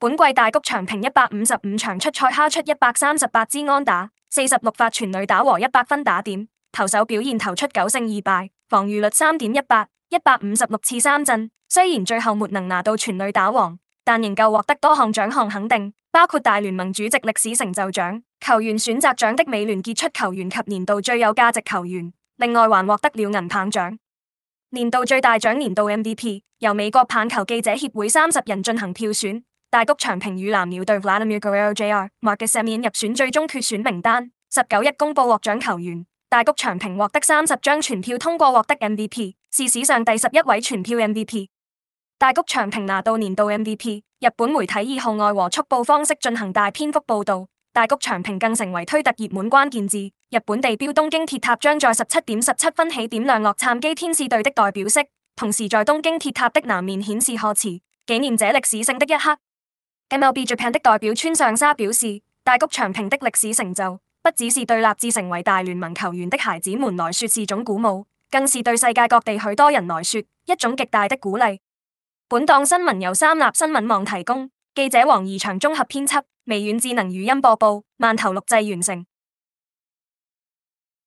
本季大谷翔平一百五十五場出賽，敲出一百三十八支安打，四十六發全壘打和一百分打點。投手表現投出九勝二敗，防禦率三點一八，一百五十六次三振。雖然最後沒能拿到全壘打王，但仍舊獲得多項獎項肯定，包括大聯盟主席歷史成就獎、球員選擇獎的美聯傑出球員及年度最有價值球員。另外還獲得了銀棒獎、年度最大獎、年度 MVP，由美國棒球記者協會三十人進行票選。大谷翔平與藍鳥隊 Vladimir Guerrero Jr. 麥吉石免入選最終決選名單，十九日公布獲獎球員。大谷翔平獲得三十張全票通過，獲得 MVP，是史上第十一位全票 MVP。大谷翔平拿到年度 MVP。日本媒體以號外和速報方式進行大篇幅報道，大谷翔平更成為推特熱門關鍵字。日本地標東京鐵塔將在十七點十七分起點亮洛杉磯天使隊的代表色，同時在東京鐵塔的南面顯示賀詞，紀念這歷史性的一刻。MLB Japan 的代表村上沙表示：大谷翔平的歷史成就，不只是對立志成為大聯盟球員的孩子們來說是種鼓舞，更是對世界各地許多人來說一種極大的鼓勵。本檔新聞由三立新聞網提供，記者王宜祥綜合編輯，微軟智能語音播報，慢頭錄製完成。